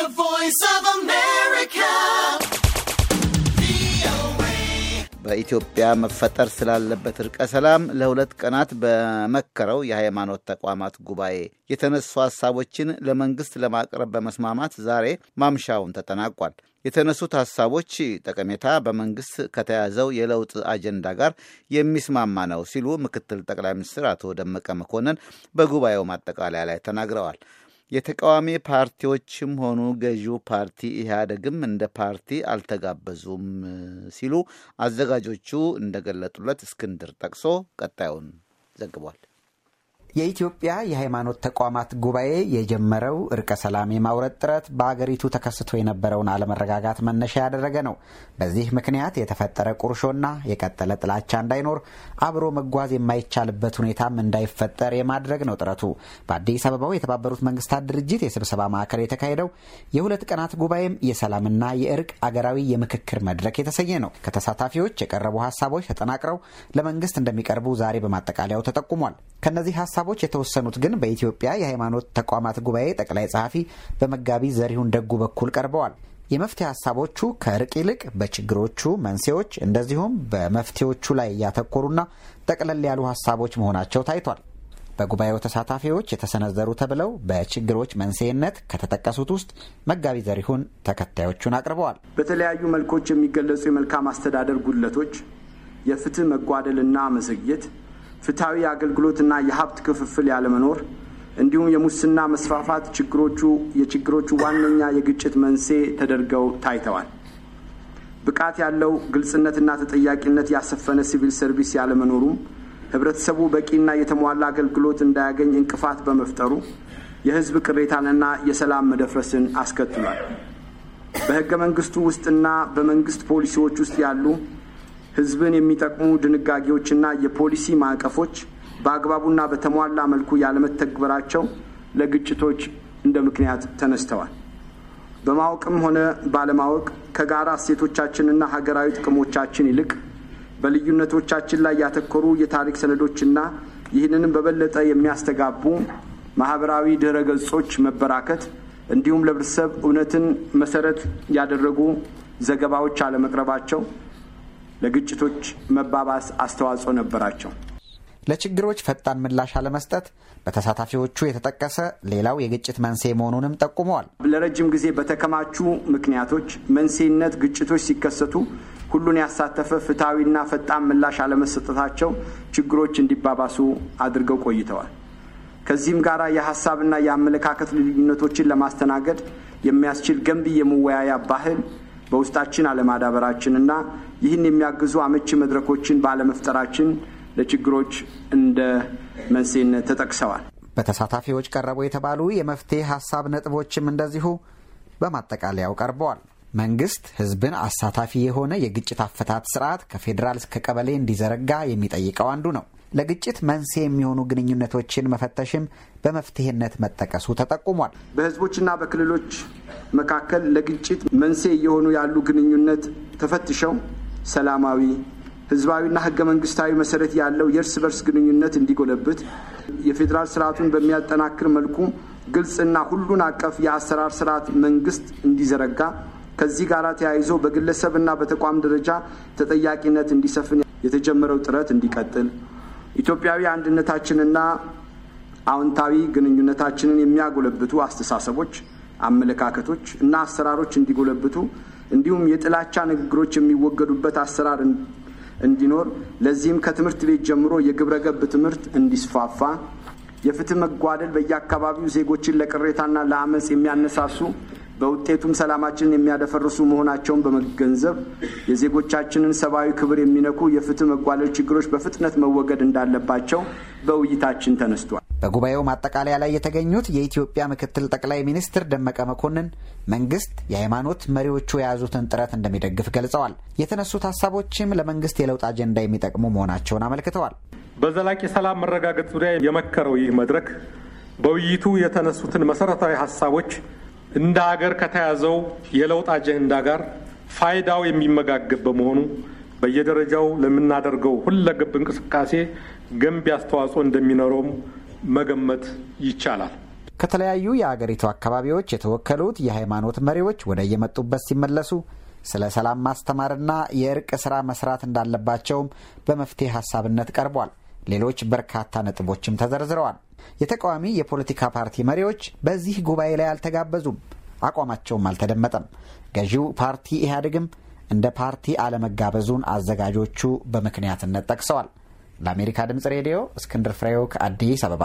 The Voice of America. በኢትዮጵያ መፈጠር ስላለበት እርቀ ሰላም ለሁለት ቀናት በመከረው የሃይማኖት ተቋማት ጉባኤ የተነሱ ሀሳቦችን ለመንግስት ለማቅረብ በመስማማት ዛሬ ማምሻውን ተጠናቋል። የተነሱት ሀሳቦች ጠቀሜታ በመንግስት ከተያዘው የለውጥ አጀንዳ ጋር የሚስማማ ነው ሲሉ ምክትል ጠቅላይ ሚኒስትር አቶ ደመቀ መኮንን በጉባኤው ማጠቃለያ ላይ ተናግረዋል። የተቃዋሚ ፓርቲዎችም ሆኑ ገዢው ፓርቲ ኢህአደግም እንደ ፓርቲ አልተጋበዙም ሲሉ አዘጋጆቹ እንደገለጡለት እስክንድር ጠቅሶ ቀጣዩን ዘግቧል። የኢትዮጵያ የሃይማኖት ተቋማት ጉባኤ የጀመረው እርቀ ሰላም የማውረድ ጥረት በአገሪቱ ተከስቶ የነበረውን አለመረጋጋት መነሻ ያደረገ ነው። በዚህ ምክንያት የተፈጠረ ቁርሾና የቀጠለ ጥላቻ እንዳይኖር አብሮ መጓዝ የማይቻልበት ሁኔታም እንዳይፈጠር የማድረግ ነው ጥረቱ። በአዲስ አበባው የተባበሩት መንግስታት ድርጅት የስብሰባ ማዕከል የተካሄደው የሁለት ቀናት ጉባኤም የሰላምና የእርቅ አገራዊ የምክክር መድረክ የተሰኘ ነው። ከተሳታፊዎች የቀረቡ ሀሳቦች ተጠናቅረው ለመንግስት እንደሚቀርቡ ዛሬ በማጠቃለያው ተጠቁሟል። ከነዚህ ሀሳቦች ሀሳቦች የተወሰኑት ግን በኢትዮጵያ የሃይማኖት ተቋማት ጉባኤ ጠቅላይ ጸሐፊ በመጋቢ ዘሪሁን ደጉ በኩል ቀርበዋል። የመፍትሄ ሀሳቦቹ ከእርቅ ይልቅ በችግሮቹ መንስኤዎች እንደዚሁም በመፍትሄዎቹ ላይ እያተኮሩና ጠቅለል ያሉ ሀሳቦች መሆናቸው ታይቷል። በጉባኤው ተሳታፊዎች የተሰነዘሩ ተብለው በችግሮች መንስኤነት ከተጠቀሱት ውስጥ መጋቢ ዘሪሁን ተከታዮቹን አቅርበዋል። በተለያዩ መልኮች የሚገለጹ የመልካም አስተዳደር ጉድለቶች፣ የፍትህ መጓደልና መዘግየት ፍትሐዊ አገልግሎትና የሀብት ክፍፍል ያለመኖር እንዲሁም የሙስና መስፋፋት ችግሮቹ የችግሮቹ ዋነኛ የግጭት መንስኤ ተደርገው ታይተዋል። ብቃት ያለው ግልጽነትና ተጠያቂነት ያሰፈነ ሲቪል ሰርቪስ ያለመኖሩም ህብረተሰቡ በቂና የተሟላ አገልግሎት እንዳያገኝ እንቅፋት በመፍጠሩ የህዝብ ቅሬታንና የሰላም መደፍረስን አስከትሏል። በህገ መንግስቱ ውስጥና በመንግስት ፖሊሲዎች ውስጥ ያሉ ህዝብን የሚጠቅሙ ድንጋጌዎችና የፖሊሲ ማዕቀፎች በአግባቡና በተሟላ መልኩ ያለመተግበራቸው ለግጭቶች እንደ ምክንያት ተነስተዋል። በማወቅም ሆነ ባለማወቅ ከጋራ እሴቶቻችንና ሀገራዊ ጥቅሞቻችን ይልቅ በልዩነቶቻችን ላይ ያተኮሩ የታሪክ ሰነዶችና ይህንንም በበለጠ የሚያስተጋቡ ማህበራዊ ድህረ ገጾች መበራከት እንዲሁም ለህብረተሰብ እውነትን መሰረት ያደረጉ ዘገባዎች አለመቅረባቸው ለግጭቶች መባባስ አስተዋጽኦ ነበራቸው። ለችግሮች ፈጣን ምላሽ አለመስጠት በተሳታፊዎቹ የተጠቀሰ ሌላው የግጭት መንስኤ መሆኑንም ጠቁመዋል። ለረጅም ጊዜ በተከማቹ ምክንያቶች መንስኤነት ግጭቶች ሲከሰቱ ሁሉን ያሳተፈ ፍትሐዊና ፈጣን ምላሽ አለመሰጠታቸው ችግሮች እንዲባባሱ አድርገው ቆይተዋል። ከዚህም ጋር የሀሳብና የአመለካከት ልዩነቶችን ለማስተናገድ የሚያስችል ገንቢ የመወያያ ባህል በውስጣችን አለማዳበራችንና ይህን የሚያግዙ አመቺ መድረኮችን ባለመፍጠራችን ለችግሮች እንደ መንስኤነት ተጠቅሰዋል። በተሳታፊዎች ቀረቡ የተባሉ የመፍትሄ ሀሳብ ነጥቦችም እንደዚሁ በማጠቃለያው ቀርበዋል። መንግስት ህዝብን አሳታፊ የሆነ የግጭት አፈታት ስርዓት ከፌዴራል እስከ ቀበሌ እንዲዘረጋ የሚጠይቀው አንዱ ነው። ለግጭት መንስኤ የሚሆኑ ግንኙነቶችን መፈተሽም በመፍትሄነት መጠቀሱ ተጠቁሟል። በህዝቦችና በክልሎች መካከል ለግጭት መንስኤ እየሆኑ ያሉ ግንኙነት ተፈትሸው ሰላማዊ ህዝባዊና ህገ መንግስታዊ መሰረት ያለው የእርስ በርስ ግንኙነት እንዲጎለብት የፌዴራል ስርዓቱን በሚያጠናክር መልኩ ግልጽና ሁሉን አቀፍ የአሰራር ስርዓት መንግስት እንዲዘረጋ ከዚህ ጋር ተያይዞ በግለሰብና በተቋም ደረጃ ተጠያቂነት እንዲሰፍን የተጀመረው ጥረት እንዲቀጥል ኢትዮጵያዊ አንድነታችንና አዎንታዊ ግንኙነታችንን የሚያጎለብቱ አስተሳሰቦች፣ አመለካከቶች እና አሰራሮች እንዲጎለብቱ እንዲሁም የጥላቻ ንግግሮች የሚወገዱበት አሰራር እንዲኖር ለዚህም ከትምህርት ቤት ጀምሮ የግብረ ገብ ትምህርት እንዲስፋፋ የፍትህ መጓደል በየአካባቢው ዜጎችን ለቅሬታና ለአመፅ የሚያነሳሱ በውጤቱም ሰላማችንን የሚያደፈርሱ መሆናቸውን በመገንዘብ የዜጎቻችንን ሰብአዊ ክብር የሚነኩ የፍትህ መጓለል ችግሮች በፍጥነት መወገድ እንዳለባቸው በውይይታችን ተነስቷል። በጉባኤው ማጠቃለያ ላይ የተገኙት የኢትዮጵያ ምክትል ጠቅላይ ሚኒስትር ደመቀ መኮንን መንግስት የሃይማኖት መሪዎቹ የያዙትን ጥረት እንደሚደግፍ ገልጸዋል። የተነሱት ሀሳቦችም ለመንግስት የለውጥ አጀንዳ የሚጠቅሙ መሆናቸውን አመልክተዋል። በዘላቂ ሰላም መረጋገጥ ዙሪያ የመከረው ይህ መድረክ በውይይቱ የተነሱትን መሰረታዊ ሀሳቦች እንደ ሀገር ከተያዘው የለውጥ አጀንዳ ጋር ፋይዳው የሚመጋገብ በመሆኑ በየደረጃው ለምናደርገው ሁለገብ እንቅስቃሴ ገንቢ አስተዋጽኦ እንደሚኖረውም መገመት ይቻላል። ከተለያዩ የአገሪቱ አካባቢዎች የተወከሉት የሃይማኖት መሪዎች ወደ የመጡበት ሲመለሱ ስለ ሰላም ማስተማርና የእርቅ ስራ መስራት እንዳለባቸውም በመፍትሄ ሀሳብነት ቀርቧል። ሌሎች በርካታ ነጥቦችም ተዘርዝረዋል። የተቃዋሚ የፖለቲካ ፓርቲ መሪዎች በዚህ ጉባኤ ላይ አልተጋበዙም፣ አቋማቸውም አልተደመጠም። ገዢው ፓርቲ ኢህአዴግም እንደ ፓርቲ አለመጋበዙን አዘጋጆቹ በምክንያትነት ጠቅሰዋል። ለአሜሪካ ድምፅ ሬዲዮ እስክንድር ፍሬው ከአዲስ አበባ